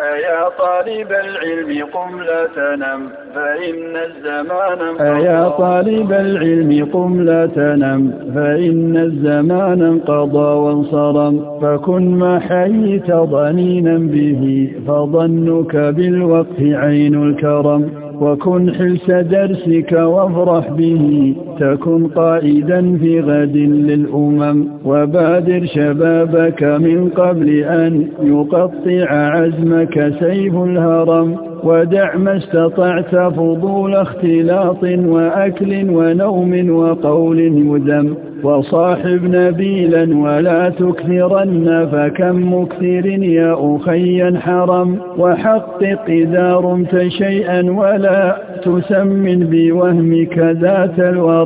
أيا طالب العلم قم لا تنم فإن الزمان أيا طالب العلم قم لا تنم فإن الزمان انقضى وانصرم فكن ما حييت ضنينا به فظنك بالوقت عين الكرم وكن حلس درسك وافرح به تكن قائدا في غد للأمم وبادر شبابك من قبل أن يقطع عزمك سيف الهرم ودع ما استطعت فضول اختلاط وأكل ونوم وقول يذم وصاحب نبيلا ولا تكثرن فكم مكثر يا أخي حرم وحقق إذا رمت شيئا ولا تسمن بوهمك ذات الورم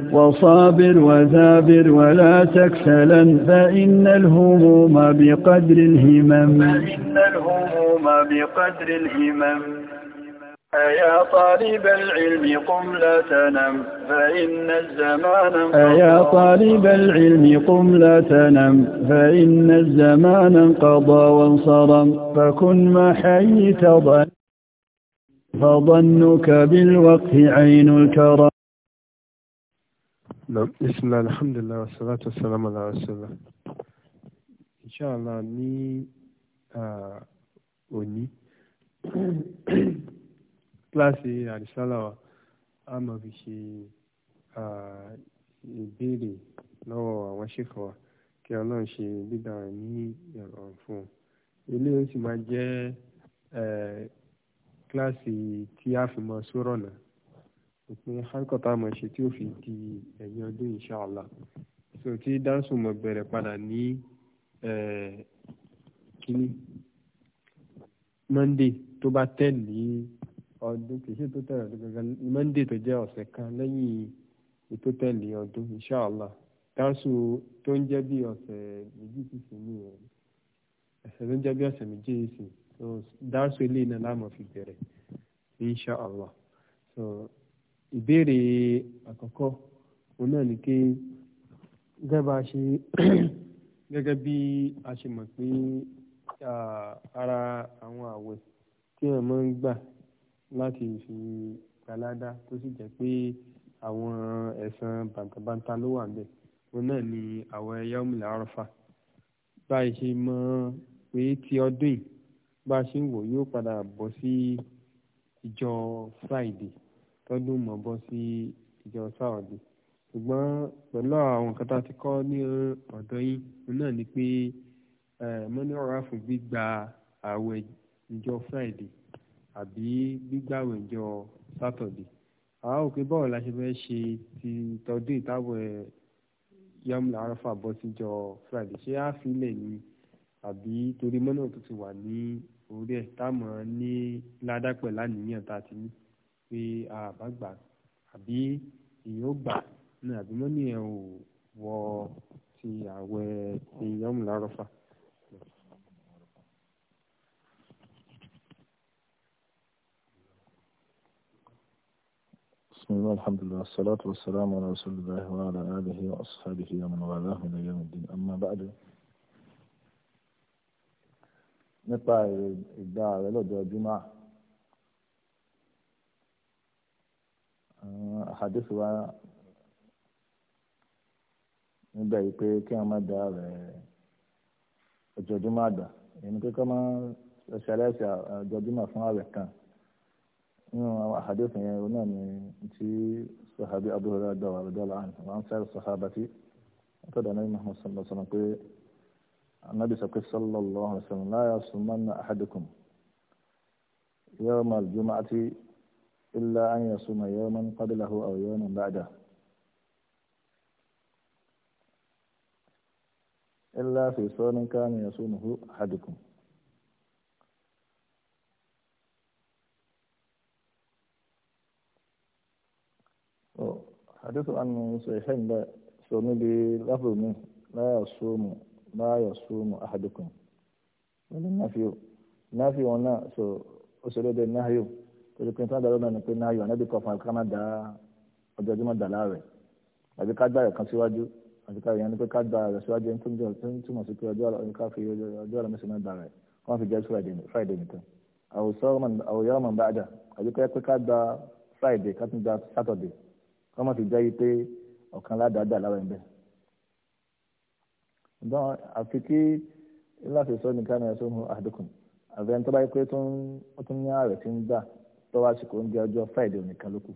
وصابر وذابر ولا تكسلا فإن الهموم بقدر الهمم فإن الهموم بقدر الهمم أيا طالب العلم قم لا تنم فإن الزمان أيا طالب العلم قم لا تنم فإن الزمان انقضى وانصرم فكن ما حييت ظن فظنك بالوقت عين الكرم na bisimilá alhamdulilah wasalaatu wasalaamu ala rasulillah inshallah ní òní kíláàsì àdìsálàwà a máa fi ṣe ìbéèrè lọ́wọ́ àwọn ṣèkọ̀ wa kí ọlọ́run ṣe dídá rẹ̀ ní ìrọ̀rùn fún un eléyìí sì máa jẹ́ kíláàsì tí a fi mọ sórọ̀ òpin hankota máa ṣe tí ó fi di ẹ̀yìn ọdún inshallah so tí dáńsù mọ̀ bẹ̀rẹ̀ padà ní eh, kínní monday tó bá tẹ̀ ní ọdún kì í ṣe tó tẹ̀lé ọdún gangan monday tó jẹ́ ọ̀sẹ̀ kan lẹ́yìn ètò tẹ̀lé ọdún inṣàlá dáńsù tó ń jẹ́ bí ọ̀sẹ̀ méjì sísè ní ẹ̀rí ẹ̀sẹ̀ tó ń jẹ́ bí ọ̀sẹ̀ méjì sísè dáńsù eléyìí náà láàmú fi bẹ̀rẹ̀ inṣàlá ìbéèrè àkọ́kọ́ òun náà ni pé gẹ́gẹ́ a ṣe gẹ́gẹ́ bí a ṣe mọ̀ pé ara àwọn àwẹ̀ tí ẹ̀ máa ń gbà láti fi gbalada tó sì jẹ́ pé àwọn ẹ̀san bàǹtàbàǹtà ló wà níbẹ̀ òun náà ni àwẹ̀ yọ́mùlẹ̀ àrọ́fà bá a ṣe mọ̀ pé ti ọdún yìí bá a ṣe ń wò yóò padà bọ́ sí ìjọ Friday tọ́dún mọ́ bọ́ sí ìjọ sáwọ́dì ṣùgbọ́n pẹ̀lú àwọn nǹkan tá a ti kọ́ ní ọ̀dọ̀ yín náà ni pé mọ́ní fún gbígba àwẹ̀ ìjọ friday àbí gbígba àwẹ̀ ìjọ saturday àwa ò pé báwo la ṣe fẹ́ ṣe ti tọdún ìtàwẹ̀ yamla arafa bọ́ síjọ friday ṣé á filẹ̀ ni àbí torí mọ́nà tó ti wà ní orí ẹ̀ táwọn ní ládàpẹ̀ láníyàn tá a ti ní. tí a bá gbà àbí ìyó gbà ní àbímọ́nì ẹ̀ ò wọ ti àwẹ̀ ti yọ́mù lárọ́fà. بسم الله الحمد لله والصلاة والسلام على رسول الله وعلى آله وأصحابه ومن والاه إلى يوم الدين أما بعد نبقى إبداع لدى الجمعة hadith wa níbẹ̀ yìí pé kí wọ́n má da rẹ̀ ojoojúmọ́ àgbà èmi kíkọ́ máa ṣẹlẹ́sì ojoojúmọ́ fún ààrẹ kan nínú àwọn hadith yẹn òun náà ni ti sahabi Abu Hurairah àbúdọ́là àná wọn sẹ́rù sahaba tí wọ́n tọ́jú anábì Muhammad sallallahu alaihi wasallam pé anábì sọ pé sallallahu alaihi wasallam la yasumanna ahadukum yawmal jumu'ati. إلا أن يصوم يوما قبله أو يوما بعده إلا في صوم كان يصومه أحدكم حديث عن صحيحين لا صوم بلفظ منه لا يصوم لا يصوم أحدكم وللنفي نافي ونا سو أسرد النهي torí pé tí wọ́n dá ni pé náà yọ ànábì kan fún àbíká má dá ọjọ́ ọjọ́ má dá láàrẹ̀ àbí ká dá rẹ̀ kan síwájú àti ká yẹn ni pé ká dá rẹ̀ síwájú ẹni tó ń jọ tó ń túmọ̀ sí pé ọjọ́ ká fi ọjọ́ àlọ́mísìn náà dá rẹ̀ wọ́n fi jẹ́ friday nìkan àwòyọ́ ọmọ bá dà àbí pé ká dá friday ká tún dá saturday kọ́ mọ̀ fi jẹ́ yí pé ọ̀kan ládàádà láwọn ẹ̀bẹ̀. ǹdọ́n àfi kí ni ẹ̀sùn àdókùn àbẹ̀ ń tọ́ báyìí pé ó tún ní ààrẹ tọ́wọ́ àsìkò oúnjẹ ọjọ́ friday onìkan ló kù.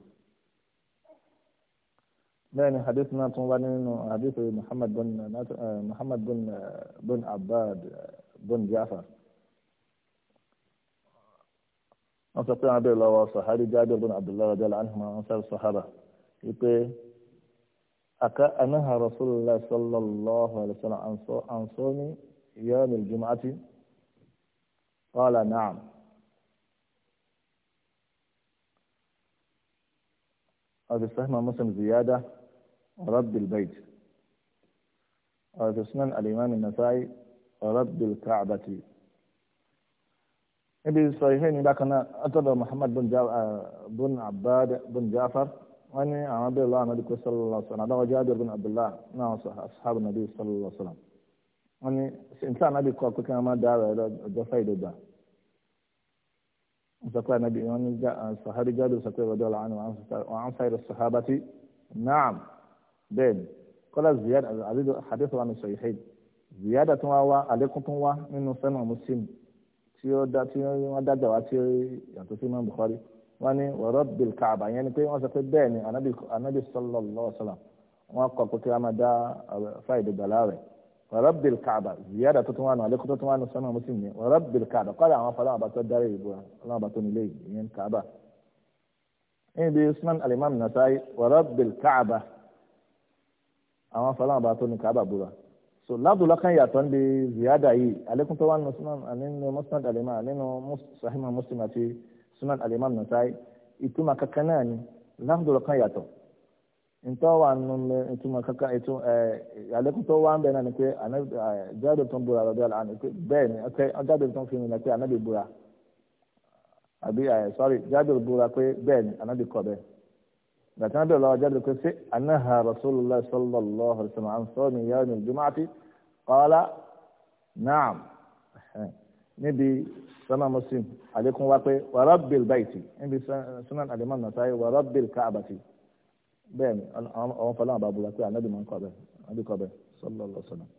bẹ́ẹ̀ ni hadith náà tún wá nínú hadith muhammad bin muhammad bin bin abad bin jafar. wọ́n sọ pé àwọn abẹ́rẹ́ lọ́wọ́ sọ̀hárí jábìr bin abdullahi radiyallahu anhu wọn sọ̀rọ̀ sọ̀hábà wípé aka anaha rasulullah sallallahu alaihi wasallam an sawmi yawm al-jum'ati qala na'am هذا استهمى مسلم زيادة رب البيت هذا سنن الإمام النسائي رب الكعبة ابي الصحيحين اذا كان اتبع محمد آه، بن عباد بن جعفر وانا عبد الله النبي صلى الله عليه وسلم هذا جابر بن عبد الله نعم اصحاب النبي صلى الله عليه وسلم وانا انسان ابي كوكو كما دار دفايد ده وسقى النبي يعني الصحابي جابر سقى رضي الله عنه وعن سائر الصحابة نعم بين قال زيادة العزيز حديث عن الصحيحين زيادة ووا عليكم توا من سنة مسلم tí ó dá tí wọ́n dájà wá tí yàtọ̀ sí imam bukhari wọ́n ní warabbil kaaba yẹn ni pé wọ́n sọ pé bẹ́ẹ̀ sallallahu alaihi wasallam wọ́n kọ́ pé kí wọ́n máa ورب الكعبة زيادة تتوان عليك تتوان السماء مسلمين ورب الكعبة قال عما فلا أبطل داري يبوها لا أبطل إليه يعني كعبة إيه بيسمن الإمام النسائي ورب الكعبة عما فلا أبطل كعبة بوها so lábùú lọ́kàn yàtọ̀ ń bi ziyada yìí alekun tó wà nínú sunan nínú musnad alimam nínú sahima muslim àti sunan alimam nasai ìtumọ̀ kankan náà ni lábùú lọ́kàn yàtọ̀ ntọ́ wa nù mí ntuma kaka ètò ẹ alẹ́kùtọ́ wa ń bẹ̀ náà ni pé jáde tó ń búra lọ́dọ̀ àná pé bẹ́ẹ̀ ni ọkẹ́ jáde tó ń fi mi náà pé ànábì búra àbí ẹ sọ́rí jáde búra pé bẹ́ẹ̀ ni ànábì kọ́ bẹ́ẹ̀ gbàtí wọn bẹ̀rẹ̀ lọ́wọ́ jáde pé ṣé anáhà rasulillah sallallahu alayhi wa sallam ansọ́ mi yára mi jumaati qala naam níbi sanna muslim alẹ́kùn wa pé wa rabbil níbi sunan alimam nasaayi wa kaabati. bẹ́ẹ̀ ni àwọn fọlá àbá búra pé ànábì máa ń kọ́ bẹ́ẹ̀ ànábì kọ́ bẹ́ẹ̀ sallallahu alaihi wasallam.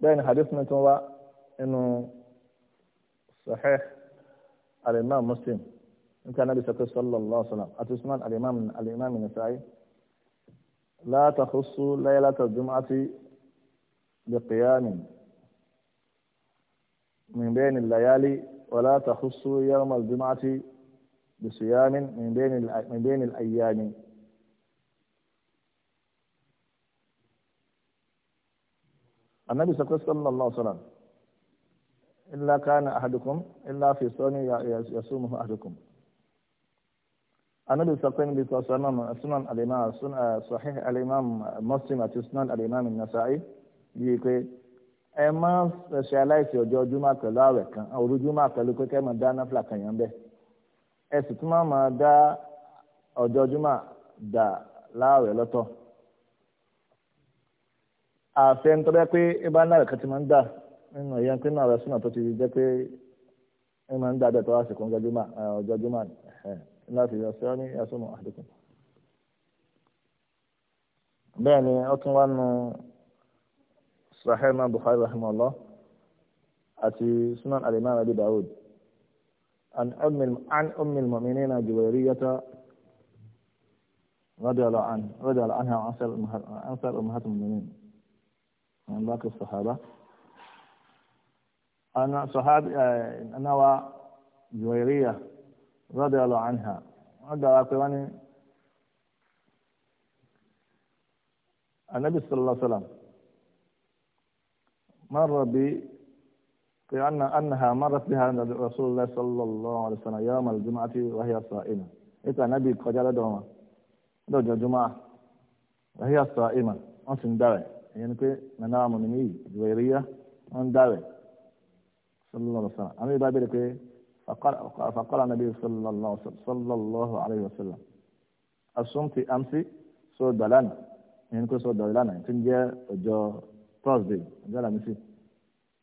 bẹ́ẹ̀ ni hadith mi tún wá nínú sahih al-imam muslim nípa ànábì sọ́kè sallallahu alaihi wasallam àti usman al-imam al-imam an-nasa'i la takhussu laylata al-jum'ati biqiyam min bayni al-layali wa la takhussu yawm al-jum'ati. بصيام من بين من بين الأيام النبي صلى الله عليه وسلم إلا كان أحدكم إلا في صوم يصومه أحدكم النبي صلى الله عليه وسلم سنن الإمام صحيح الإمام مسلم سنن الإمام النسائي يقول أما má ṣe aláìsí ọjọ́ jùmọ̀ pẹ̀lú àwẹ̀ kan òru jùmọ̀ pẹ̀lú pé kẹ́ ẹ máa dáná ẹ sì tún máa máa dá dà láàrẹ̀ lọ́tọ̀ àfẹ́ ń tọ́jú pé ibà náà ti máa ń dà nínú ìyẹn pé náà rẹ̀ tó ti jẹ́ pé ẹ máa ń dà bẹ́ẹ̀ àsìkò ọjọ́ láti yọ sí ní àdínkù bẹ́ẹ̀ عن أم عن أم المؤمنين جويرية رضي الله عنها رضي الله عنها عن سائر أمهات المؤمنين من باقي الصحابة أن صحابي آه، أنا جويرية رضي الله عنها رضي الله عنها النبي صلى الله عليه وسلم مر بي لأن أنها مرت بها رسول الله صلى الله عليه وسلم يوم الجمعة وهي صائمة إذا نبي قجل دوما دوجة جمعة وهي صائمة أنسن دوي يعني كي منام مني جويرية أن دوي صلى الله عليه وسلم أمي بابي كي فقال فقال النبي صلى الله عليه وسلم صلى الله عليه وسلم أصمت أمس سو دلنا يعني كي سو دلنا يعني كي جو توزي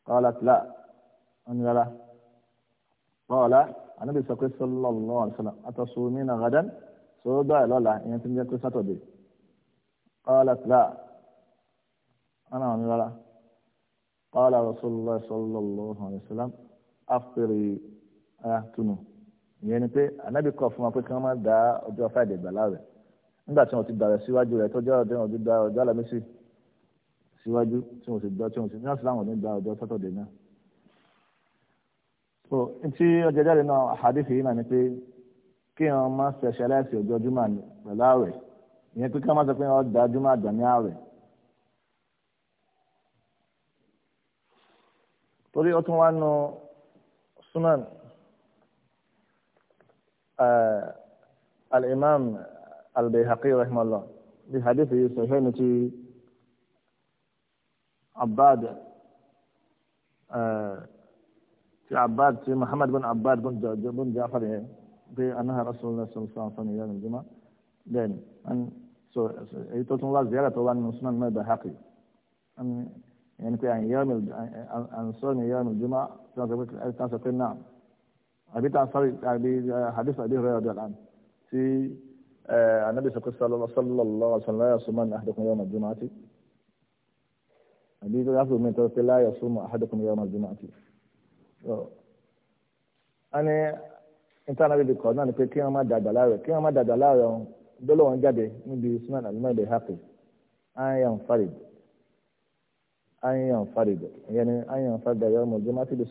قالت لا wọn ni rárá ọ̀la ànábì sọ pé sallallahu alaihi wasallam atasumina gadan sọ̀rọ̀ dọ́ọ̀ lọ́la ìyẹn ti ń jẹ́ pé sátọ̀dẹ̀ ọ̀la tìlá wọn náà ni rárá ọ̀la rasulullah sallallahu alaihi wasallam afẹ́rẹ́ àtúnú eh, ìyẹn ni pé ànábì kọ̀ fún wa pé kí wọ́n má da ọjọ́ fáìdè gbà láàrẹ̀ nígbà tí wọ́n ti bẹ̀rẹ̀ síwájú rẹ̀ tọ́jú ọjọ́ ọjọ́ ọjọ́ alámísì síwájú tí wọ́n ti gbọ́ tí wọ́n ti ní so ntí ọjà jáde náà àhàdìsí yìí náà ni pé kí wọn má ṣẹṣẹ láìsí ọjọ́ jùmọ pẹ̀lú ààwẹ̀ ìyẹn pé kí wọn má sọ pé wọn da jùmọ àgbà ní ààwẹ̀ torí ó tún wá nu sunan eh, al-imam al-bayhaqi rahimahullah bí hadithi yìí sọ fẹ́ni ti abad. Eh, في عباد في محمد بن عباد بن بن جعفر بأنها إيه، رسول الله صلى الله عليه وسلم يوم الجمعة then and so يتوتم الله زيارة الله من سنن ما بحقي أن يعني كي عن يعني يوم عن صوم يوم الجمعة تنسبت نعم أبي تعصري أبي آه، حديث أبي هريرة رضي الله عنه في آه، النبي صلى الله صلى الله عليه وسلم لا يصومن أحدكم يوم الجمعة أبي يقول من لا يصوم أحدكم يوم الجمعة a ní intanẹ́ẹ̀tì bí kọ́ náà ni pé kí wọ́n má dàgbà láàrẹ̀ kí wọ́n má dàgbà láàrẹ̀ ọ̀hún dọ́lọ́ wọn jáde níbi sunan alimọ́ ibẹ̀ hapi ayan farid ayan farid ìyẹn ni ayan farid ayọ̀ ọmọ jẹ́ mátìlì the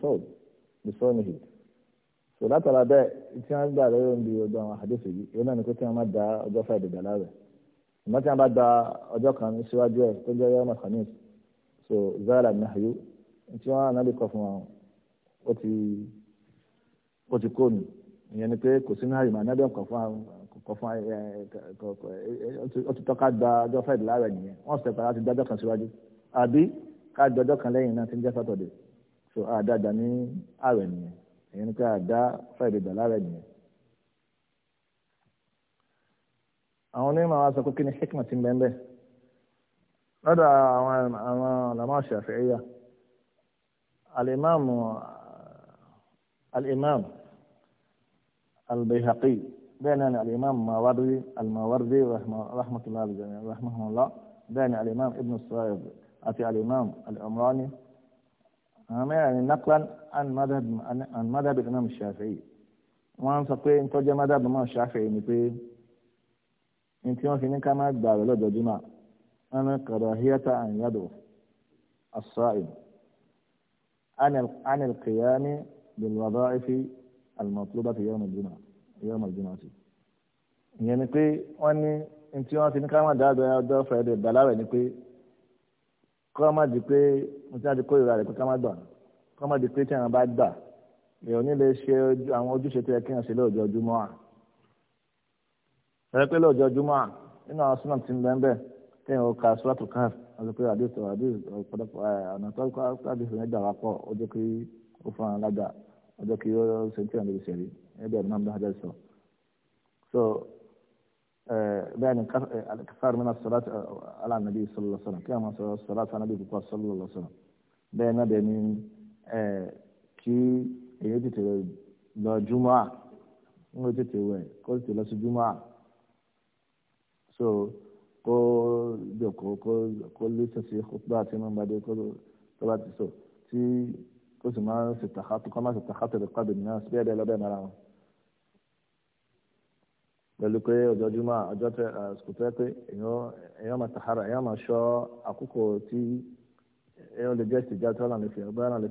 bí sọ́ọ̀lù yìí so látara bẹ́ẹ̀ tí wọ́n gbà lórí omi ọjọ́ àwọn àdéṣe yìí ìwé náà ni pé kí wọ́n má da ọjọ́ fẹ́ dàgbà láàrẹ̀ ìmọ̀ tí wọ́n bá da ọjọ́ kan síwájú ẹ̀ tó jẹ́ yọmọ khamis so zara nahyu tí wọ́n anábì kọ fún wọn ó ti ó ti kó nù ìyẹn ni pé kò sínú àyè màá nábẹ́ ọ̀kọ̀ fún ọ̀kọ̀ fún ó ti tọ́ka gba ọjọ́ friday láàrẹ̀ nìyẹn wọ́n sì tẹ̀pá láti dájọ́ kan síwájú àbí ká gba ọjọ́ kan lẹ́yìn náà ti ń jẹ́ saturday so àdájà ní àrẹ̀ nìyẹn ìyẹn ni pé àdá friday gbà láàrẹ̀ nìyẹn. àwọn onímọ̀ wa sọ pé kí ni hikma ti ń bẹ́ẹ̀ bẹ́ẹ̀ lọ́dọ̀ àwọn àwọn làmọ́ imam الإمام البيهقي بين الإمام الماوردي الماوردي رحمه, الله الجميع رحمه الله بين الإمام ابن الصائب أتي الإمام العمراني آه، يعني نقلا عن مذهب عن مذهب الإمام الشافعي وأن sọ إن nítorí مذهب الإمام الشافعي ni pé ní tí wọ́n fi ní ká كراهية أن يدعو الصائم عن عن القيام بالوظائف المطلوبة في يوم الجمعة يوم الجمعة ìyẹn ni pé wọ́n ní ntí wọ́n ti ní ká má dáadọ́ ọjọ́ fẹ́ẹ́dẹ̀ ìgbàláwẹ̀ ni pé kọ́ má di pé ntí wọ́n ti kó ìrora rẹ̀ pé ká má gbà kọ́ má di pé tí wọ́n bá gbà èèyàn ní lè ṣe àwọn ojúṣe tó yẹ kí wọ́n ṣe lójoojúmọ́ à rẹ̀ pé lójoojúmọ́ à nínú àwọn súnà tí ń bẹ́ẹ̀ bẹ́ẹ̀ kí wọ́n ka sọ́ọ̀tù káf àti pé àdéhùn àdéhùn ọ̀pọ̀lọpọ̀ àná tó kọ́ àdéhùn yẹn gbà wá pọ̀ ó jẹ́ pé ó fún àwọn kí ó ṣe tí àwọn olùsẹ̀rí ẹgbẹ́ ọ̀dọ́ náà dáhàjá sọ. so bẹ́ẹ̀ ni káfíńsì mi náà sọ̀rọ̀ alánàbí sọ̀rọ̀ sọ̀rọ̀ kí àwọn sọ̀rọ̀ sọ̀rọ̀ alánàbí kúkọ́ sọ̀rọ̀ sọ̀rọ̀ bẹ́ẹ̀ náà bẹ́ẹ̀ ni kí èyí tètè lọ júmọ́ ń lọ tètè wẹ̀ kó tètè lọ sí júmọ́ so kó jòkó kó kó lè ṣèṣe kó tó bá ti mú ìgbàdé kó tó bá ti sọ tí kó sì máa ń ṣètàkàtò kó máa ṣètàkàtò lè pàdé náà sí bẹ́ẹ̀ bẹ́ẹ̀ lọ́bẹ̀ mara wọn. pẹ̀lú pé ojoojúmọ́ ọjọ́ tẹ àsìkò tẹ́ pé èèyàn máa tàhárà èèyàn máa ṣọ́ àkókò tí èèyàn lè jẹ́ ìtìjà tó lọ́nà ìfìyà bóyá náà lè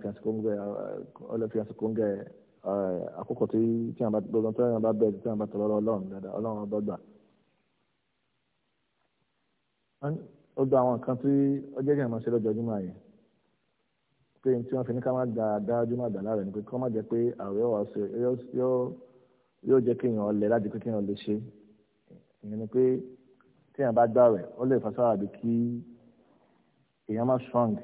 fi àsìkò ń gẹ àkókò tí gbogbo tí wọn bá bẹ̀rẹ̀ tí wọn bá tọ̀rọ̀ ọlọ́run dáadáa ọlọ́run ọba gbà. ó gba àwọn nǹkan tí ó jẹ́ kí pé tí wọ́n fi ní ká má da dájú má dà lára ẹni pé kí wọ́n má jẹ́ pé àwẹ̀ wà ṣe yóò jẹ́ kéèyàn lẹ̀ láti pé kéèyàn lè ṣe ìyẹn ni pé téèyàn bá gbà rẹ̀ ó lè fa bí kí èèyàn má strong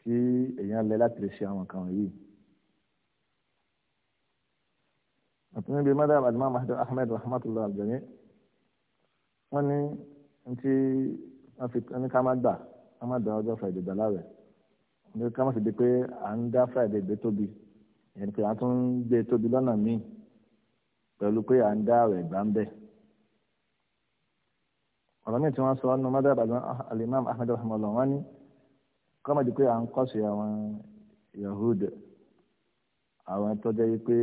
kí èèyàn lẹ̀ láti lè ṣe àwọn nǹkan wọ̀nyí. àtúnyẹ bíi madam alimami ahmed rahmatulah aljani wọ́n ní ní tí wọ́n fi ní ká má gbà ká má da ọjọ́ fàìdìgbà lára ẹ̀. ní ká má sì di pé à ń dá friday gbé tóbi ẹni pé à ń gbé tóbi lọ́nà míì pẹ̀lú pé à ń dá rẹ̀ gbá ń bẹ̀. ọ̀rọ̀ míì tí wọ́n sọ ọ́nà mọ́tò àbàdàn alimami ahmed rahmanulah wọ́n ní ká má di pé à ń kọ́sì àwọn yahood àwọn tó jẹ́ pé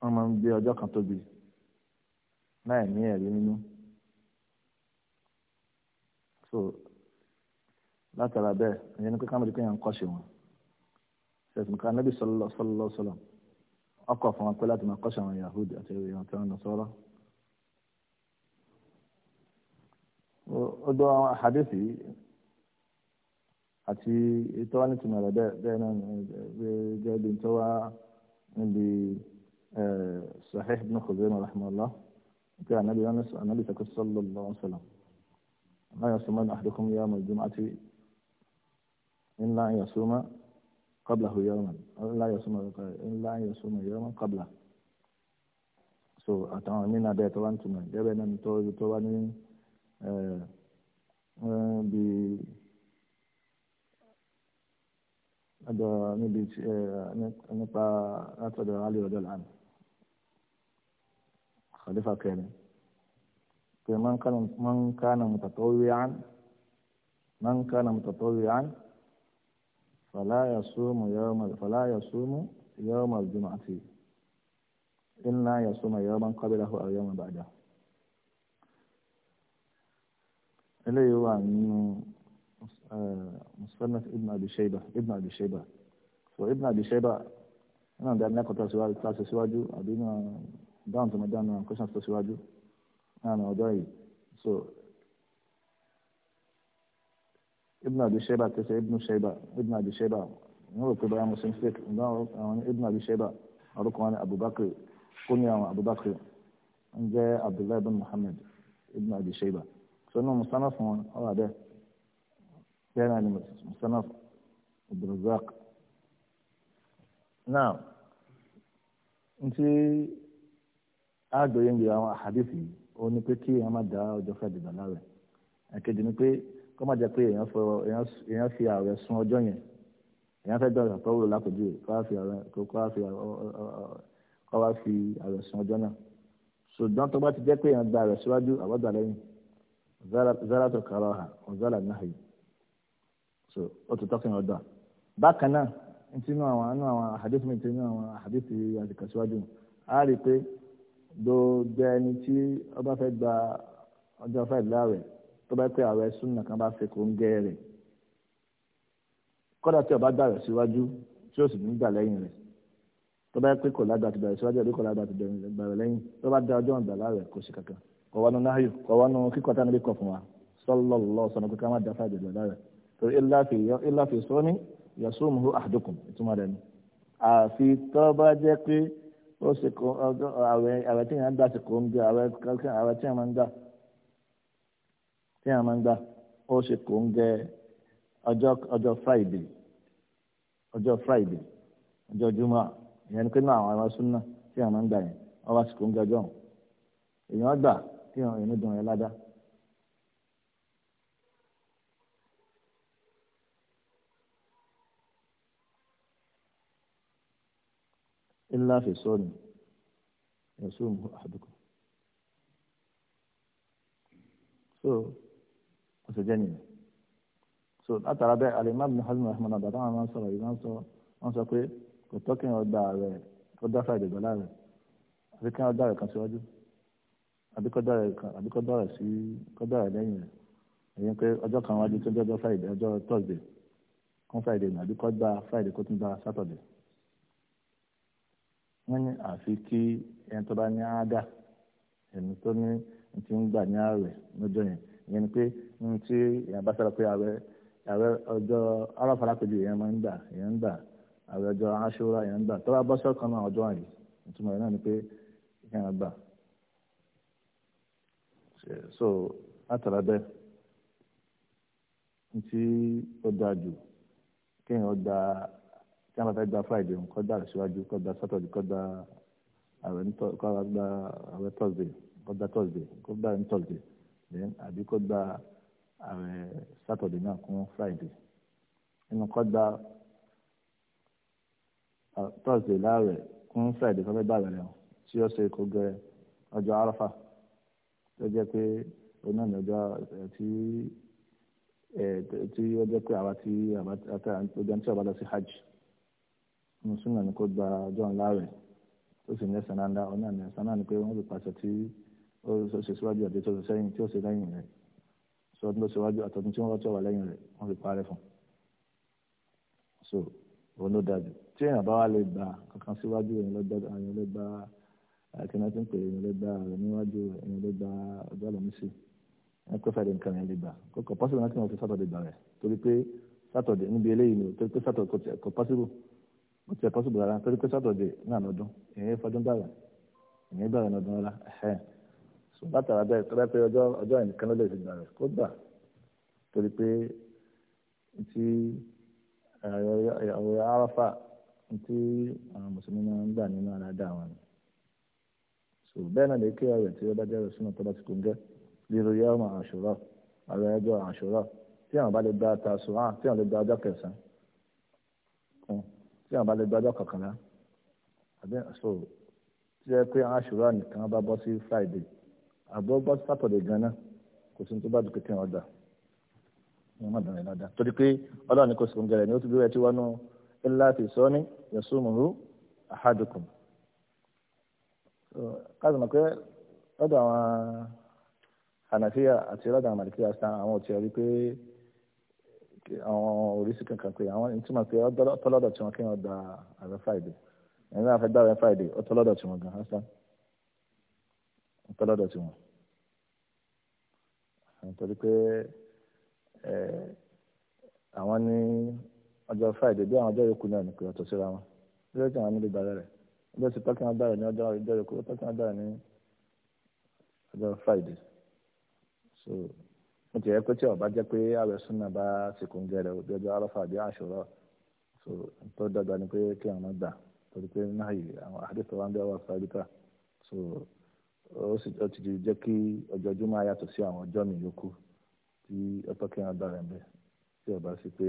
wọ́n máa ń gbé ọjọ́ kan tóbi láì ní ẹ̀rí nínú. látara bẹ́ẹ̀ ẹ̀yẹ́ ni pé ká mọ̀ pé yẹn ń kọ́ṣe wọn ṣèṣin ká níbi sallallahu sallam ọkọ̀ fún wọn pé láti máa kọ́ṣe àwọn yahudi àti ìyẹn tí wọ́n ń sọ̀rọ̀. ó dọ́ àwọn àhádẹ́sì àti ìtọ́wá ní tìmọ̀ rẹ̀ bẹ́ẹ̀ bẹ́ẹ̀ náà gẹ́gẹ́ bí ìtọ́wá níbi sahih ibn Khuzaimah rahimahullah pé ànábì sallallahu sallam náà yọ sọmọ́ ní àdókòmù yá mọ̀ ìjọba àti إلا أن يصوم قبله يوما لا يصوم إلا أن يصوم يوما قبله so àtàwọn nínú abẹ́ tó wá ń túmọ̀ gẹ́gẹ́ náà ní tọ́jú tó wá ní bí ọ̀dọ̀ níbi nípa látọ̀dọ̀ alẹ́ ọ̀dọ̀ lánàá خليفة كامل من كان من كان متطوعا من كان متطوعا فلا يصوم يوم فلا يصوم يوم الجمعة إلا يصوم يوما قبله أو يوما بعده إليه هو عن مصنف ابن أبي شيبة ابن أبي شيبة وابن أبي شيبة أنا عندي أبناء كتاب سواجو كتاب سواجو أبينا دانتو مدانا كشنا سواجو أنا وداي so ibn abi sheba kẹsẹ ibn sheba ibn abi sheba ní wọn rò pé báyà mo ṣe ń abubakar kúni abubakar ń jẹ́ abdullahi ibn muhammad ibn ni musanaf abdulrazak náà ntí àgbẹ̀yẹ̀ ń gbé kó má pé èèyàn fọ èèyàn fi ààrẹ sun ọjọ́ yẹn èèyàn fẹ́ gbọ́dọ̀ tó wúlò lápòjúwe kó wá fi ààrẹ sun ọjọ́ náà ṣùgbọ́n tó bá ti jẹ́ pé èèyàn gba ààrẹ síwájú àbọ̀dà lẹ́yìn zara tó kàrọ̀ ọ̀hà ọ̀zọ́là náà yìí so ó ti tọ́kìn ọ̀dọ̀ bákan náà nínú àwọn nínú àwọn àhàdìsí mi nínú àwọn àhàdìsí àtìkàsíwájú a rí i pé gbogbo ẹni tí ọba fẹ́ gba ọjọ́ fẹ́ láwẹ̀ẹ́ tó bá pẹ́ ààrẹ súnà kan bá fi kó ń gẹ́ rẹ̀ kọ́dà tí ọba gbà rẹ̀ síwájú tí ó sì ní gbà lẹ́yìn rẹ̀ tó bá pẹ́ kò lágbà ti bẹ̀rẹ̀ síwájú àbí kò lágbà ti bẹ̀rẹ̀ lẹ́yìn tó bá dá ọjọ́ ọ̀dà láàrẹ̀ kò sí kankan kò wọnú náhàyò kò wọnú kíkọ́ tá níbi kọ̀ fún wa sọlọ́lọ́ sọ̀nà kíkọ́ má dáfà ìdẹ̀gbẹ̀ láàrẹ̀ torí ilá fi sọ ní yasumuhu ahadukum ìtumọ̀ rẹ̀ ni àfi tó bá jẹ́ pé ó sì kó àwẹ̀ tí yẹn ń dá sí kò ń gbé àwẹ̀ tí tí a máa ń gbà ó ṣe kò ń gẹ ọjọ́ ọjọ́ friday ọjọ́ friday ọjọ́ juma ìyẹn ni pé náà àwọn ará súnà tí a máa ń gbà yẹn wọ́n bá sí kò ń gẹ ọjọ́ ọ̀hún èèyàn gbà kí èèyàn èèyàn dùn rẹ̀ ládàá. إلا في صوم يصومه أحدكم. So ṣe jẹ́ nìyẹn so látara bẹ́ẹ̀ alimami na Hazm rahman abba táwọn máa ń yìí wọ́n sọ pé kò tọ́ kí ọ̀dà rẹ̀ ọ̀dà fàìdè gbọ́lá rẹ̀ àbí kí ọ̀dà kan síwájú àbí kọ́dà rẹ̀ sí kọ́dà rẹ̀ lẹ́yìn rẹ̀ èyí pé ọjọ́ kan wájú tó ń jọ́jọ́ fàìdè ọjọ́ tọ́sídẹ̀ẹ́ kún fàìdè nù àbí kọ́dà fàìdè kó tún gba sátọ̀dẹ̀ wọ́n ní àfi kí ẹni tó bá ní ẹni tó ní ti ń gbà ní ní tí èèyàn bá sára pé àwẹ̀ àwẹ̀ ọjọ́ aráfàlà pẹ̀lú èèyàn máa ń gbà èèyàn ń gbà àwẹ̀ ọjọ́ aṣọra èèyàn ń gbà tọ́lá bọ́ sọ́kàn náà ọjọ́ àyè ìtumọ̀ rẹ̀ náà ni pé èèyàn gbà so látara bẹ́ẹ̀ ní tí ó dáa jù kéèyàn gba tí wọ́n bá fẹ́ gba friday kó gba síwájú kó gba saturday kó gba àwẹ̀ kó gba àwẹ̀ thursday kó gba thursday kó gba thursday then àbí kó gba àwẹ̀ sátọ̀dẹ̀ náà kún friday nínú kọ́ gba thursday láàwẹ̀ kún friday kọ́ fẹ́ bá àwẹ̀ rẹ̀ tí ó ṣe kó gẹ ọjọ́ arafa tó jẹ́ pé oná ní ọjọ́ tí tí ó jẹ́ pé àwa tí ọjọ́ tí ọba lọ sí hajj mùsùlùmí ni kò gba ọjọ́ ńlá rẹ̀ ó sì ní ẹ̀sán náà ọ̀nà ní ẹ̀sán náà ni pé wọ́n ti pàṣẹ tí ó ṣe síwájú àti tó ṣe sẹ́yìn tí ó ṣe lẹ́yìn rẹ̀ sọ ọdún tó ṣèwájú àtọ̀dún tí wọ́n rọ́tí ọ̀wà lẹ́yìn rẹ̀ wọ́n fi parẹ́ fún un so òun ló dájú tí èèyàn bá wà lè gba kankan síwájú èèyàn lè gba èèyàn lè gba àkínná tí ń pè èèyàn lè gba rẹ̀ níwájú èèyàn lè gba ọjọ́ àlọ́mísì wọ́n pẹ́ fẹ́ẹ́ nǹkan yẹn lè gbà kókò pọ́sibú náà kí wọ́n fi sátọ̀dẹ̀ gbà rẹ̀ torí pé sátọ̀dẹ̀ níbi eléyìí ni o torí pé sátọ̀dẹ̀ kò pọ́sibú kò tiẹ̀ pọ́sibú rárá torí pé sátọ̀dẹ̀ náà lọ́dún èèyàn fọdún bàrà èèyàn bàrà lọ́dún rárá sùn látara bẹ́ẹ̀ tó bá pé ọjọ́ ọjọ́ ìnìkan ló lè fi gbà rẹ̀ kó gbà torí pé ti àwẹ̀ aráfà ti àwọn mùsùlùmí máa ń gbà nínú àdáda wọn ni sò bẹ́ẹ̀ náà lè kí ọ̀rẹ́ tí ó bá jẹ́ ìrọ̀sùn tó bá ti kún gẹ́ lílo yẹ́wọ̀n àṣùrọ̀ àwẹ̀ ọjọ́ àṣùrọ̀ tí àwọn bá lè gba ta sùn áà ah, tí àwọn lè gba ọjọ́ kẹsàn-án tí àwọn bá lè gba ọjọ́ kọkànlá àbí so tí ẹ pé àṣùrọ̀ nìkan bá bọ́ sí Friday àbọ̀bọ̀ sátọ̀dẹ̀ gan-an kò sí tó bá dùn kékeré ọ̀dà wọn má dànù ìlàdà torí pé ọlọ́run ní kò sí gẹ̀rẹ̀ ni ó ti bí wẹ́ẹ́ tí wọ́n nú ńlá ti sọ ní yasumuhu ahadukum. káàdì mọ̀ pé lọ́dọ̀ àwọn hànàfíà àti lọ́dọ̀ àwọn màlìkíyà sàn àwọn ò tiẹ̀ rí pé àwọn oríṣi kankan pé àwọn ìtumọ̀ pé ọtọ́lọ́dọ̀ tí wọ́n kí wọ́n da àrẹ fáìdè ẹ̀yin náà fẹ́ dá àrẹ fáìdè tí wọ́n gan-an ọpẹ́ lọ́dọ̀ tiwọn nítorí pé àwọn ní ọjọ́ friday bí àwọn ọjọ́ yòókù náà ní pé ọ̀tọ̀ síra wọn lórí tí àwọn níbi bàrẹ rẹ ọjọ́ tí pẹkì wọn ní ní ọjọ́ friday so mo ti yẹ pé pé ọjọ́ alọfà kí àwọn gbà torí pé náà yìí àwọn àdìsọ wa ń ó sì ó ti jẹ́ kí ọjọ́ júmọ́ yàtọ̀ sí àwọn ọjọ́ mi yòókù tí ọtọ́ kí wọ́n bára ń bẹ̀ tí ọba sí pé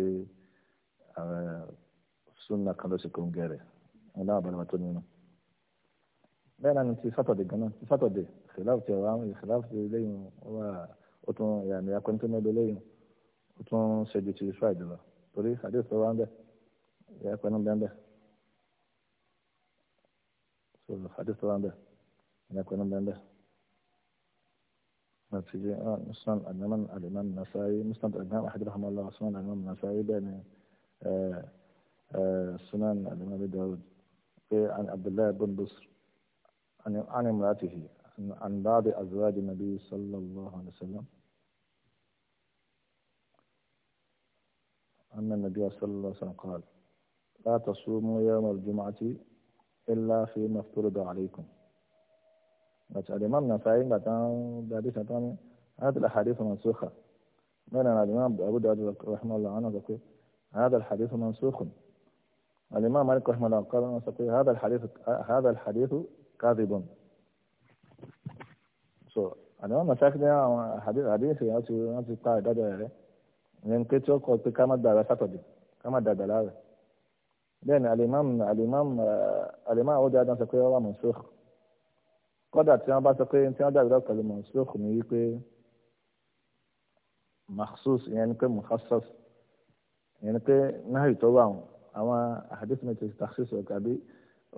súnà kan ló sì kó ń gẹ̀rẹ̀ wọn náà bá lọ́wọ́ tó nínú. bẹ́ẹ̀ náà ni ti sátọ̀dé gan-an ti sátọ̀dé ìṣẹ̀láwù ti ọ̀rọ̀ àwọn ìṣẹ̀láwù ti lẹ́yìn wà ó tún ìyàmì akọ́nitẹ́mẹ́lẹ́ lẹ́yìn ó tún ṣẹ́jú ti fúráìdì lọ torí àdéhùn sọ wá ń bẹ̀ ìyá يكون من له نتيجة آه، مسلم الإمام الإمام النسائي مسلم الإمام أحد رحمه الله وسنن الإمام النسائي بين آه، آه، سنن الإمام أبي داود عن عبد الله بن بصر عن امرأته عن بعض أزواج النبي صلى الله عليه وسلم أن النبي صلى الله عليه وسلم قال لا تصوموا يوم الجمعة إلا فيما افترض عليكم بس الإمام النسائي بعدين بعدين ثاني هذه الأحاديث منسوخة من الإمام أبو داود رحمه الله عنه يقول هذا الحديث منسوخ الإمام مالك رحمه الله قال هذا الحديث هذا الحديث كاذب so الإمام النسائي ده حديث حديث يعني يعني قال ده ده من كتير قلت كم دار ساتدي كم دار دلالة لأن الإمام الإمام الإمام أبو داود يقول هو منسوخ kọ́dà tí wọ́n bá sọ pé tí wọ́n dàbí lọ́kọ̀ lè mọ̀ sí òkú mi wípé makhsus ìyẹn ni pé mukhassas ìyẹn ni pé náà ìtọ́ wà wọn àwọn àhàdìsí mi ti takhsis rẹ̀ tàbí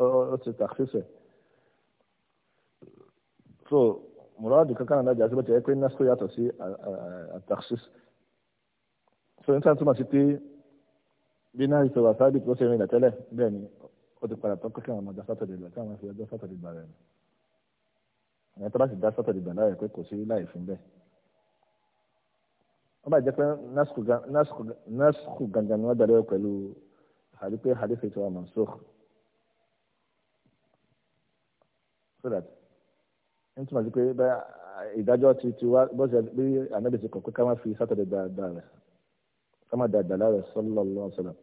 ó ti takhsis rẹ̀ so mùràdù kankan náà dájà síbẹ̀ tẹ̀yẹ pé nasco yàtọ̀ sí takhsis so nítorí túmọ̀ sí pé bí náà ìtọ́ wà sáà bí kò ṣe rìn lẹ́tẹ́lẹ̀ bẹ́ẹ̀ ni ó ti padà tọ́kọ́ sí àwọn ọmọdé sátọ̀dẹ̀ lọ sí àwọn ọmọdé sátọ̀dẹ̀ gbà rẹ̀ ni ìyẹn tó bá sì dá sátọ̀dì gbà láàyè pé kò sí láì fún bẹ́ẹ̀ wọ́n bá jẹ́ pé násìkò gangan ni wọ́n darí pẹ̀lú àdìpé àdìpé tí wọ́n mansukh so that n túmọ̀ sí pé ìdájọ́ ti ti wá bó ṣe bí ànábì ti kọ̀ pé ká má fi sátọ̀dì gbà dà rẹ̀ ká má dà dà láàrẹ̀ sallallahu alaihi wasallam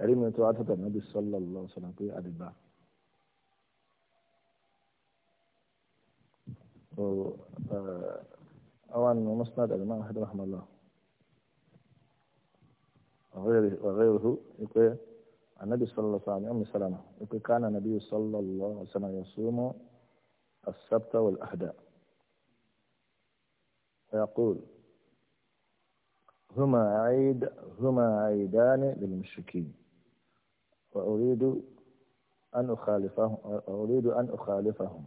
ẹ̀rí mi tó wá sátọ̀dì náà bí sallallahu pé àdìgbà. آه، أوان مسند الإمام أحمد رحمه الله وغيره يقول النبي صلى الله عليه وسلم يقول كان النبي صلى الله عليه وسلم يصوم السبت والأحداء ويقول هما عيد هما عيدان للمشركين وأريد أن أخالفهم أريد أن أخالفهم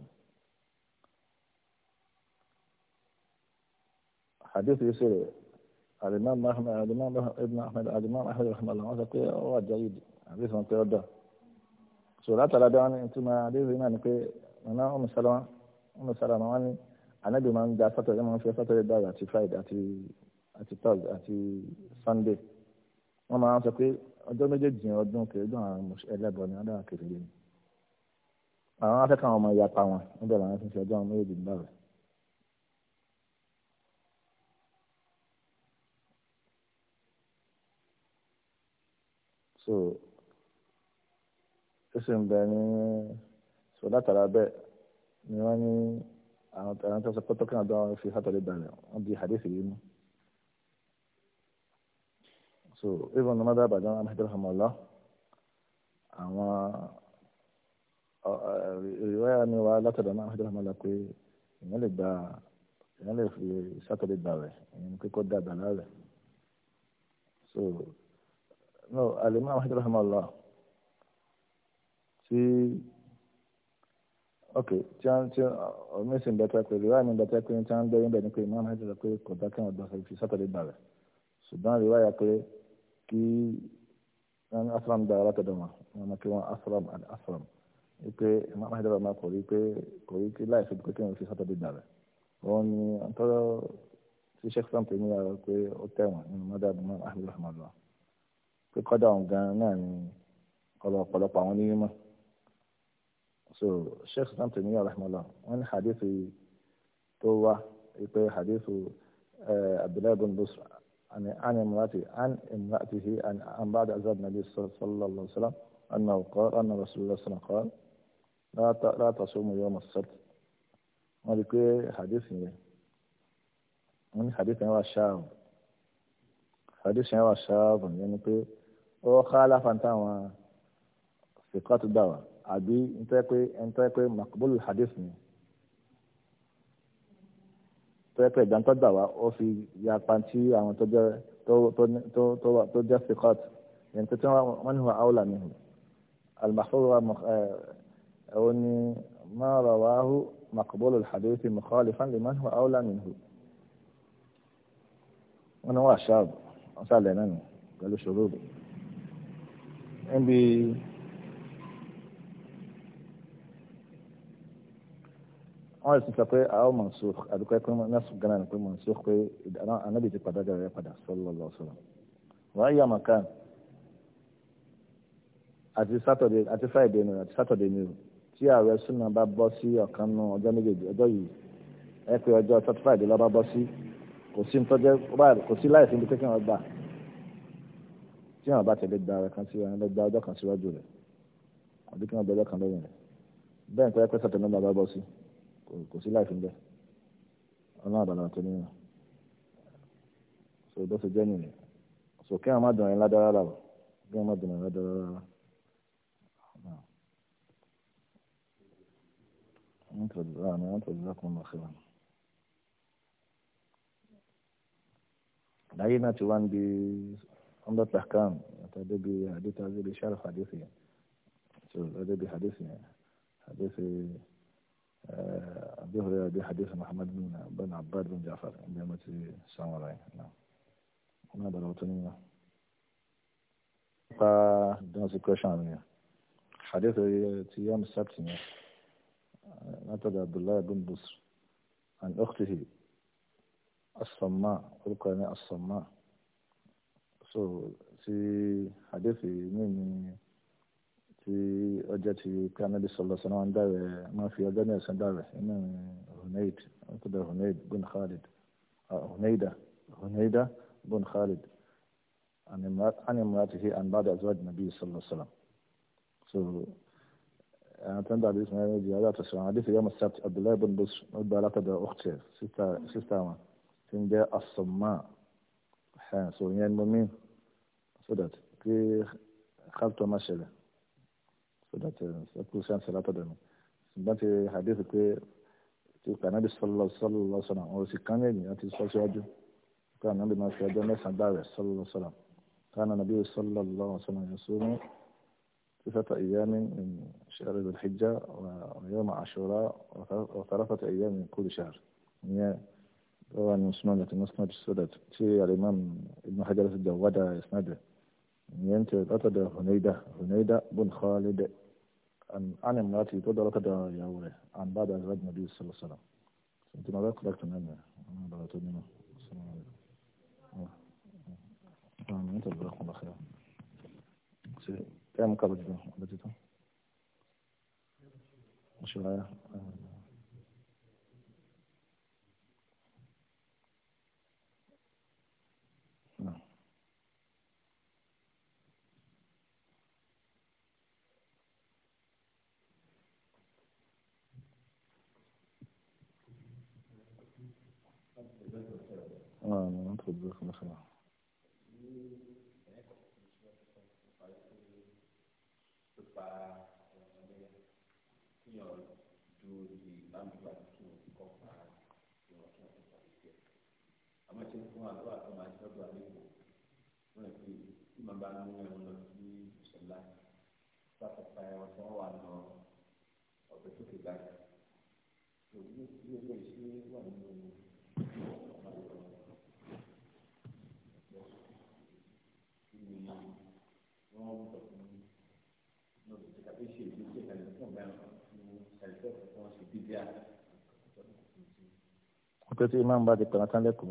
حديث يسير الإمام أحمد الإمام ابن أحمد الإمام أحمد رحمه الله هذا قيل هو جيد حديث من قيل ده سورة على ده أنا أنتم حديث هنا نقي أنا أم سلمة أم سلمة وأنا أنا بمن جاء فترة يوم في فترة ده أتي فرايد أتي أتي تاز أتي ساندي وما أنا سقي ọjọ́ méjèèjì yẹn ọdún kẹrìndún àwọn ẹlẹ́bọ ni wọ́n dára kiri lé ní àwọn afẹ́kàn ọmọ ìyapa wọn níbẹ̀ làwọn ti ń fi ọjọ́ méjèèjì ń bá rẹ̀ so ó sì ń so látara bẹ́ẹ̀ ni àwọn tó sọ pé tọ́kàn àdó àwọn fi di hadith yìí mú so even ní mọ́tò àbàdàn amahidul hamallah àwọn ni mi wá látọ̀dọ̀ náà amahidul hamallah pé èèyàn lè gba èèyàn lè fi sátọ̀lé balẹ̀ èèyàn kíkọ́ dàgbà lálẹ́ so. no alimọ́ àwọn ṣẹ́tẹ̀rẹ́ hàn lọ tí ok tí wọ́n tí ọmọ ìsìn bẹ́tẹ̀ pé rírà mi bẹ́tẹ̀ pé tí wọ́n gbẹ́yìn bẹ́ẹ̀ ni pé ìmọ̀ àwọn ṣẹ́tẹ̀rẹ́ pé kò dákẹ́ wọn dọ́sẹ̀ fi sátọ̀dẹ̀ gbà ṣùgbọ́n rírà yà pé kí wọ́n asram gbà látọ̀dọ̀ wọn wọn kí wọ́n asram and asram wípé ìmọ̀ àwọn ṣẹ́tẹ̀rẹ́ máa kò rí pé kò rí kí láì fi pé kí wọ́n fi sátọ̀dẹ̀ gbà rẹ̀ wọ́n ni àtọ́rọ́ tí sẹ́kítàn tèmi yà rẹ̀ pé ó tẹ̀wọ̀n nínú mọ́dà pé kọ́dà òun gan náà ni kọlọ ọ̀pọ̀lọpọ̀ àwọn onímọ̀ so sheikh sultan tèmíyà rahmanulah wọn ní hadithi tó wá pé hadithu eh, abdullahi bin busra ani an imrati an imratihi an an ba'da azab nabi sallallahu alaihi wasallam anna qala anna rasulullah sallallahu alaihi wasallam qala la tasumu yawm as-sabt wọn rí pé hadith yẹn wọn ní hadith yẹn wà ṣáàbù hadith yẹn wà ṣáàbù yẹn ni pé ó xaala fanta wọn sikọtu gbà wá àbí ntọ́ pé ntọ́ pé makbul hadith ni tọ́ pé ìgbàntọ́ gbà wá ó fi ya pàǹtí àwọn tó jẹ́ tó tó tó tó jẹ́ sikọt yẹn tó tí wọ́n ní wọn àwòlà mi hù al-mahfuz wa eh, ó ní ma rawahu makbul hadith mukhalifan liman huwa àwòlà mi hù wọn ni wọn àṣà ọ̀sán lẹ́nu pẹ̀lú ṣòro bẹ̀rẹ̀ níbi wọ́n sì sọ pé àwọn mọ̀nsúk àdúgbò pé násùk gánà ni pé mọ̀nsúk pé anábì ti padà gàrẹ́ padà sallallahu alaihi wasallam wọ́n á yà màkàn àti sátọ̀dé àti fáìdé ni àti sátọ̀dé ni o tí ààrẹ súnà bá bọ́ sí ọ̀kan nù ọjọ́ méjèèjì ọjọ́ yìí ẹ pé ọjọ́ tọ́tù fáìdé lọ́ bá bọ́ sí kò sí láì fi ibi kékeré ọgbà tí àwọn bá tẹ̀lé gba ara kan sí wọn lọ gba ọjọ́ kan síwájú rẹ̀ àbí kí wọ́n gba ọjọ́ kan lẹ́yìn rẹ̀ bẹ́ẹ̀ pẹ́ pẹ́ sàtẹ̀ nọ́mbà bá bọ́ sí kò sí láì fi ń bẹ́ ọlọ́run àbàlà tó ní wọn so bó ṣe jẹ́ nìyẹn so kí wọ́n má dùn ẹ̀yìn ládàá rárá o kí wọ́n má dùn ẹ̀yìn ládàá rárá wọ́n tọ́jú láàánú wọ́n tọ́jú lákùnrin lọ́sẹ̀ wọn. láyé náà ti wá ń di عمدة الأحكام هذا بحديث هذا بشرح حديثي تدبي حديثي حديث آه، أبي هريرة حديث محمد بن بن عباد بن جعفر بن ساموراي نعم ما بلغتني ف دون سيكوشن حديث يوم السبت نتدى عبد الله بن بصر عن أخته الصماء رقية الصماء so ti àdéfì mí ni ti ọjọ́ ti kánádì sọ̀rọ̀ sọ̀rọ̀ ń dàrẹ̀ máa fi ọjọ́ náà sàn dàrẹ̀ iná ni hunaid ọkùnrin hunaid bin khalid hunaida ah, hunaida bin khalid عن امرأته عن بعض أزواج النبي صلى الله عليه وسلم. So, أنا تندى على اسمها نجي على تسمع حديث يوم السبت عبد الله بن بصر مدة علاقة أختي ستة ستة ما تنجي الصماء حين سوريان مؤمن que خالته ماشي له صدات كل سنة ثلاثة دم صدات حديث كي كان النبي صلى الله عليه وسلم أو سكان يعني أنت صلى شواجه كان النبي ما شواجه ناس عندها صلى الله عليه وسلم كان النبي صلى الله عليه وسلم يصوم ثلاثة أيام من شهر ذو الحجة ويوم عاشوراء وثلاثة أيام من كل شهر يعني طبعا مسنونة مسند السدد في الإمام ابن حجر في الجوادة يسنده ينتهي أتدى هنيدة هنيدة بن خالد عن عن امرأتي تدى أتدى يهوري عن بعد أزواج النبي صلى الله عليه وسلم أنت ماذا قلت منها؟ أنا بغيت منها السلام عليكم أنت جزاكم الله خير كم قبل جدا؟ مش رايح àwọn ṣe fún àdúrà tó máa ṣe lọ́dọ̀ àlejò wọn rẹ̀ pé tí màá bá mú ẹ̀wọ̀n lọ sí ìṣọ̀lá sàkópa ẹ̀wọ̀n tí wọ́n wà lọ ọ̀bẹ tó ti gbàgbé òbí tí ó lè ṣe wà nínú ọmọ ìlú kí ni wọ́n ń sọ fún lọ́dọ̀ tí kàbí ṣe ìlú tí ìkàlẹ̀ fún ọ̀gá ẹ̀fọ́ fún ọ̀sẹ̀ bíbí à. Kókó tí Imam bá di pẹ̀lú Tánlẹ̀kùn.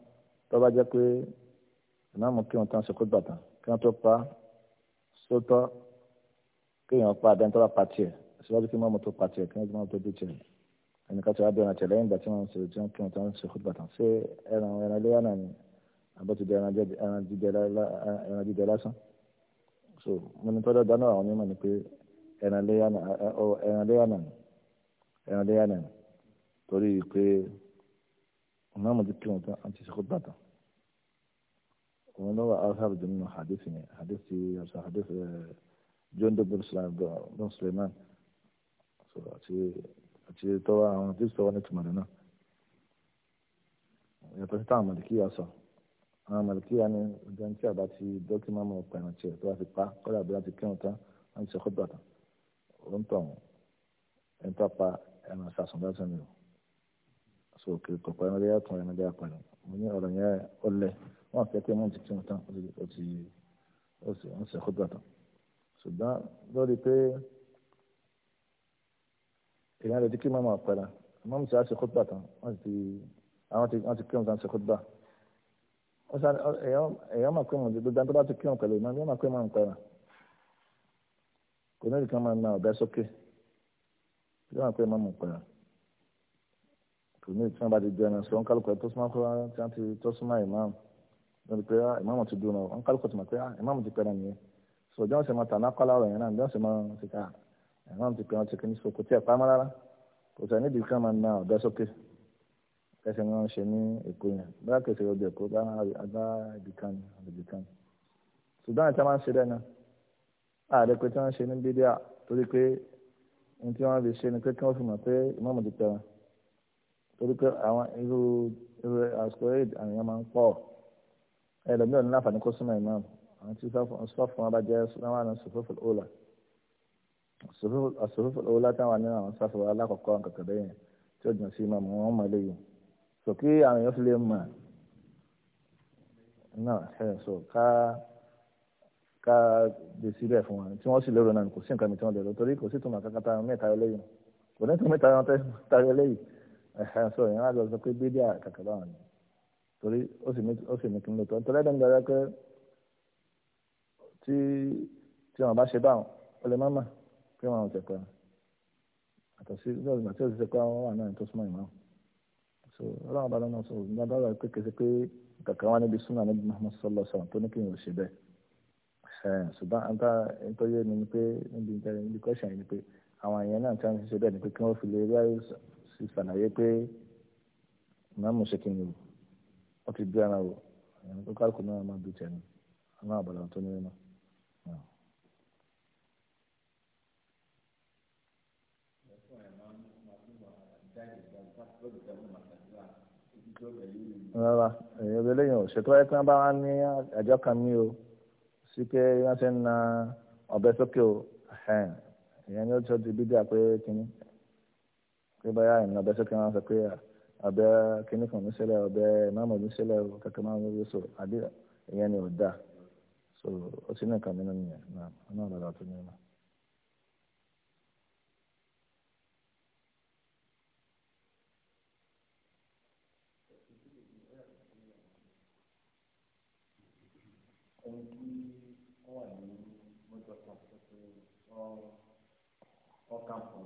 tó bá jẹ́ pé ìmáàmù kí wọ́n tán ṣe kó gbàtàn kí wọ́n tó pa sótọ́ kí èèyàn pa àdáni tó bá pa tiẹ̀ síwájú kí ìmáàmù tó pa tiẹ̀ kí wọ́n tó máa tó dé tiẹ̀ ẹnìkan tó wá bẹ̀rẹ̀ tiẹ̀ lẹ́yìn ìgbà tí wọ́n ṣe tí wọ́n kí wọ́n tán ṣe kó gbàtàn ṣé ẹran ẹran ilé wà náà ni àbọ̀tí di ẹran jíjẹ lásán so mo ní tọ́jú dáná àwọn onímọ̀ ni pé ẹran ilé wà náà ni torí pé imam ti kí wọn tán àti ìṣèkó bàtà wọn lọ́wọ́ alhàbù jẹ́ nínú hadith yẹn hadith yàtọ̀ hadith eh, jondo bin suleiman àti tọ́wọ́ àwọn hadith tọ́wọ́ ní tùmọ̀lẹ́ náà yàtọ̀ sí táwọn màlìkíyà sọ àwọn màlìkíyà ni ọjọ́ tí a bá ti dókímà mọ̀ pẹ̀rẹ̀ tiẹ̀ tó bá ti pa kọ́lá bí wọ́n so kì í kọ pa ẹnudẹ yàtọ̀ ẹnudẹ apàdé mo ní ọ̀rọ̀ yẹn ọlẹ wọn fẹ́ pé mo ti kí wọn tán o ti o sì ń ṣe kódà tán ṣùgbọ́n lórí pé èèyàn lè di kí mọ́mú àpẹẹrẹ mọ́mú ti á ṣe kódà tán wọ́n ti àwọn ti wọ́n ti kí wọn tán ṣe kódà ó sá èèyàn máa pé mo gbogbo ẹni tó bá ti kí wọn pẹ̀lú ìmọ̀ ẹni máa pé mo ń pẹ̀rẹ̀ kò ní ìdí kan máa na ọ̀bẹ sókè kí wọ́n máa pé mo ń pẹ̀rẹ̀ kò ní ìtumọ̀ bá ti di ẹnu sọ nkálukọ tó súnmọ́ fún wa tí wọ́n ti tó súnmọ́ ìmáàmù lórí pé ìmáàmù ah, ti dùn náà nkálukọ ti mọ̀ pé ìmáàmù ah, ti pẹ́rẹ́ nìyẹn sọ jọ́n sì máa tà náà kọ́lá ọ̀rọ̀ yẹn náà jọ́n sì máa ti ká ìmáàmù ti pẹ́rẹ́ ti kí ní so kò tí ẹ̀ pamọ́ rárá kò sọ níbi kan máa na ọ̀dọ́ sókè kẹsẹ̀ ni wọ́n ṣe ní èkó yẹn bá kẹsẹ̀ ọdẹ èkó bá ibì kan ibì kan ṣùgbọ́n àti máa ń ṣe dẹ́nu ààrẹ pé tí wọ́n ṣe ní bídíà torí pé ohun tí wọ́n fi ṣe ni pé kí wọ́n fi mọ̀ pé ìmáàmù ti pẹ́rẹ́ torí pé àwọn irú irú àsìkò aid àwọn èèyàn máa ń pọ̀ ẹlòmíràn ní láǹfààní kó súnmọ́ imam àwọn tí sọ́ọ̀fù wọn bá jẹ́ sọ́ọ̀fù asòfófò òòlà asòfófò òòlà táwọn nínú àwọn sọ́ọ̀fù alákọ̀ọ́kọ́ nǹkan bẹ́ẹ̀ yẹn tí ó jìn sí imam wọn mọ̀ léyìn sọ kí àwọn èèyàn fi lè mọ̀ náà ẹ̀ sọ ká ká de síbẹ̀ fún wọn tí wọ́n sì lérò náà kò sí nǹkan mi tí wọ́n lérò torí kò sí tòmọ̀ kankan tayọ mẹ́ta yọ lẹ́yìn kò ní tòmọ̀ tayọ lẹ́yìn ẹ̀hẹ́ sọ ìyẹn wá lọ sọ pé bídíà kàkà báwọn ni torí ó sì mí kí n lò tó nítorí ẹ̀dá ń darí pé tí tí wọn bá ṣe báwọn ó lè má mà pé wọn ò tẹ̀ pẹ́ àtọ̀ sí ní ọ̀sìn àti òṣìṣẹ́ pé wọn wà náà tó súnmọ́ ìmọ̀ so ọlọ́run bá lọ́nà sọ òun bá wà pé kése pé kàkà wọn níbi súnmọ́ níbi Muhammad sallallahu alaihi wasallam tó ní kí n ò ṣe bẹ́ẹ̀ ṣùgbọ́n àǹtá ìtọ́jú ẹni ni pé níbi ìtẹ́rẹ́ níbi kọ́ṣà yìí ni pé àwọn èèyàn náà ti ń ṣiṣẹ́ bẹ́ẹ̀ ni pé kí wọ́n fi lè rí àyè sì ṣàlàyé pé ìmáàmù ṣe kí ni o wọ́n ti bí ara o ẹ̀yìn tó kálukú náà máa dùn tẹ̀lé àwọn àbàlà tó ní náà. rárá èyàn bẹ lẹ́yìn òṣètò ẹ pé wọn bá wọn ní àjọ kan ní o sí pé wọn ṣe ń na ọbẹ sókè o èyàn ni ó tọ́jú bídíà pé kínní pé báyà ìrìn abẹ́ sókè wọn sọ pé abẹ́ kínní kan ní ṣẹlẹ̀ abẹ́ ìmáàmù ní ṣẹlẹ̀ kankan máa so àbí ìyẹn ni ò dáa so ó ti ní nǹkan mìíràn nìyẹn náà ọ̀nà ọ̀dàdà tó ní ìmọ̀. ọkàn fún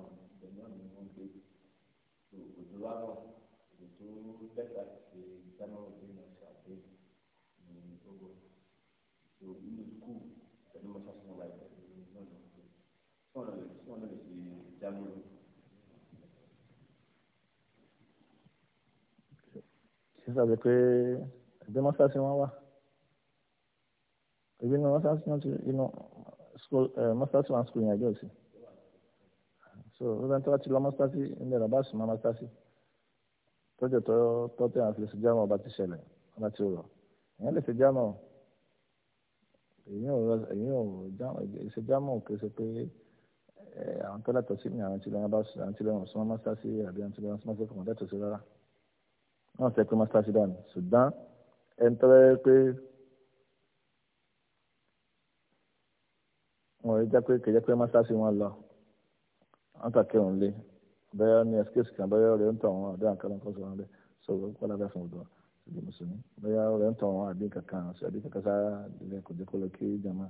ìwà náà ètò bẹ́tà ti dáná òbí náà ṣàdé ní owó ètò inú skul pẹ̀lú mọ́ṣáṣí náà láìpẹ́ ní lọ́nà tí wọ́n lè tí wọ́n lè fi jáwé. ṣé sábẹ́ pé ẹgbẹ́ mọ́ṣáṣí wọn wà ebi ní mọ́ṣáṣí náà ti inú mọ́ṣáṣí wọn skul yẹn àjọ sí so ó dáńtọ́ láti lọ mọ́ṣáṣí ń bẹ̀rẹ̀ bá sùn mọ́ mọ́ṣáṣí tọ́jọ́ tọ́ tọ́tẹ́ àti lè ṣe jámọ̀ ọba ti ṣẹlẹ̀ ọba ti rọ̀ èèyàn lè ṣe jámọ̀ èèyàn ò èèyàn ò ṣe jámọ̀ kì í ṣe pé àwọn tó lẹ́tọ̀ọ́ sí ni àwọn tí lẹ́yìn bá sùn àwọn tí lẹ́yìn sùn máa sáà sí àbí àwọn tí lẹ́yìn sùn máa sẹ́kọ̀ọ́ lẹ́tọ̀ọ́ sí rárá náà sẹ́ pé máa sáà sí dànù ṣùgbọ́n ẹni tọ́lẹ́ pé wọ́n rí jẹ́ pé kì sí wọn lọ wọ́n kà kí lé bẹ́ẹ̀ ni excuse kan bẹ́ẹ̀ rẹ̀ ń tàn wọn àbí àkàlà nǹkan sọ̀rọ̀ rẹ̀ sọ̀rọ̀ kọ́ lábẹ́ fún ọ̀dọ́ ṣèlú mùsùlùmí bẹ́ẹ̀ rẹ̀ ń tàn wọn àbí kankan àbí kankan sára ilé kò jẹ́ kó lọ kí jama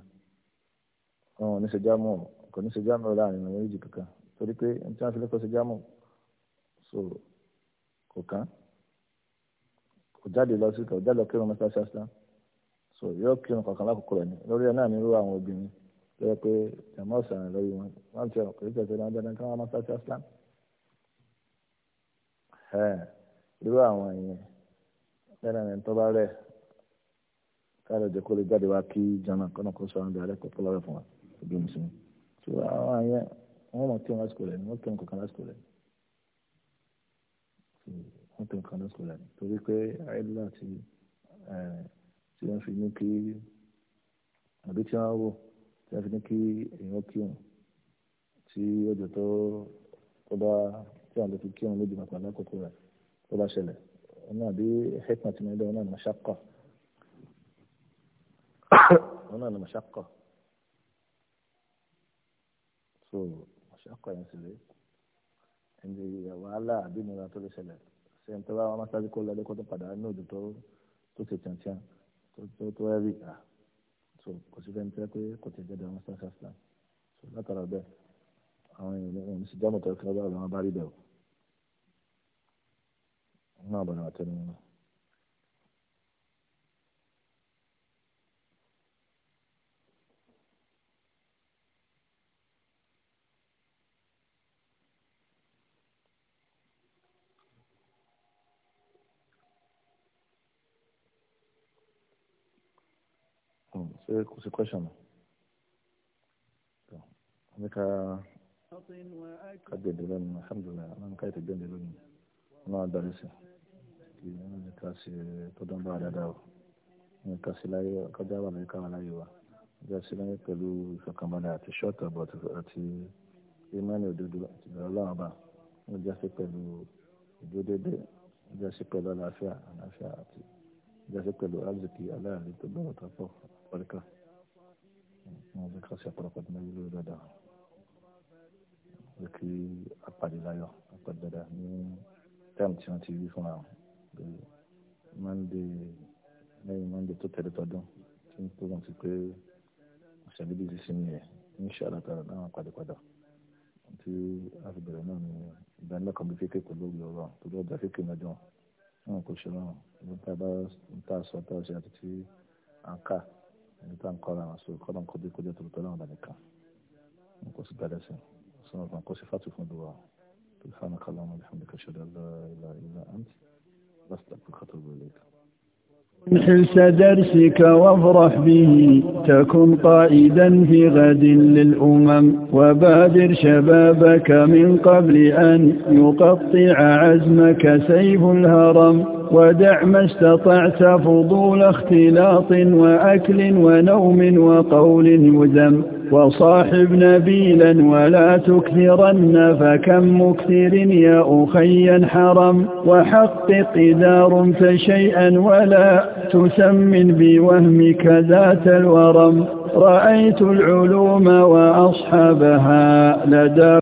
wọn ò ní ṣe jámọ̀ kò ní ṣe jámọ̀ láàrin àwọn méjì kankan torí pé n tí wọ́n fi lẹ́kọ̀ọ́ ṣe jámọ̀ so kò kán kò jáde lọ sí kò jáde lọ kírun mẹ́ta ṣáṣá so yóò kírun kankan lákòókò rẹ̀ ni lórí ẹ̀ náà ní irú àwọn obìnrin lọ́yẹ pé jama ọ̀sán rẹ̀ lọ́yẹ wọn wọ́n ti ọ̀kọ̀ ìjọba ìjọba ìjọba ìjọba ìjọba irú àwọn yẹn lẹ́nu àwọn tó bá rẹ̀ káàdọ̀ jẹ́ kó lè jáde wá kí jọ́nà kọ́nà kó sọ àwọn ọ̀dọ̀ alẹ́ kọ́kọ́ lọ́rọ̀ fún wa ojú mi sí mi tí àwọn yẹn wọ́n mọ̀ kí wọn lásìkò rẹ̀ wọ́n kí wọn kọ̀ọ̀kan lásìkò rẹ̀ wọ́n kí kọ̀ọ̀kan lásìkò rẹ̀ torí pé àìlú àti tí wọ́n tí a lè fi kírun lójú màpá lákòókò rẹ̀ tó bá ṣẹlẹ̀ ọ̀nà àbí hekima ti mẹ́lẹ̀ ọ̀nà àmàṣàkọ ọ̀nà àmàṣàkọ so àmàṣàkọ yẹn sì rè ẹni wàhálà àbí ìnira tó lè ṣẹlẹ̀ ṣe ń tẹ́wọ́ àwọn amásájú kó lọ́dẹ́ kó tó padà ní òjò tó tó ṣe tiẹ̀tiẹ̀ tó tó ẹ̀rí à so kò sí fẹ́ni tẹ́ pé kò ti jẹ́ dẹ́wọ́n sọ́sọ́sọ́ so látara bẹ́ẹ̀ àwọn èèyàn ò ní sí jámọ̀tò ẹ̀kọ́ bá àwọn bẹ́ẹ̀ o. ما بنات منه C'est quoi ça هناك قد يدلون الحمد لله أنا مكايت الجنة لوني ما عندها لسه kì í ní ká ṣe tó dán bá dáadáa o ní ká ṣe láyé kọjá wà lórí káwọn láyé wa ọjọ́ ṣe láyé pẹ̀lú ìfọkànbalẹ̀ àti ṣọ́ọ̀tọ̀ bọ̀ àti ìmọ̀lẹ̀ òdodo àti ìbẹ̀rẹ̀ ọlọ́run ọba ní ọjọ́ ṣe pẹ̀lú ìdódédé ọjọ́ ṣe pẹ̀lú àlàáfíà alafia àti ọjọ́ ṣe pẹ̀lú alziki aláàlú tó bẹ̀rẹ̀ tó pọ̀ pọ̀líkà ní ọjọ́ ká ṣe ọ̀pọ̀lọpọ̀ tó mẹ́rin lórí dáadáa ó kí apàdé láyọ̀ apàdé dáadáa ní táàmù tí wọ́n ti rí fúnra wọn mọ́ndé lẹ́yìn mọ́ndé tó tẹ̀lé tọdún tí n tó wọn ti pé ọ̀sẹ̀ bíbí ti sinmi ẹ̀ ní ṣàlàtà láwọn padàpadà tí a fi bẹ̀rẹ̀ náà ní ìdánilẹ́kọ̀ọ́ bí fíkẹ́ pẹ̀lú ọ̀rọ̀ pẹ̀lú ọjà fíkẹ́ mẹ́jọ náà kò ṣe náà ní tá bá ń tà sọ tá a ṣe àti tí à ń kà ní tá à ń kọ́ra àwọn sọ kọ́ra ń kọjú kọjú tòótọ́ láwọn ọ̀dà nìkan n kò sí gbàdẹ́ sí sọ́nà kan kò sí fàtú tó fà انحس درسك وافرح به تكن قائدا في غد للأمم وبادر شبابك من قبل أن يقطع عزمك سيف الهرم ودع ما استطعت فضول اختلاط وأكل ونوم وقول مذم وصاحب نبيلا ولا تكثرن فكم مكثر يا أخي حرم وحقق إذا رمت شيئا ولا تسمن بوهمك ذات الورم رأيت العلوم وأصحابها لدى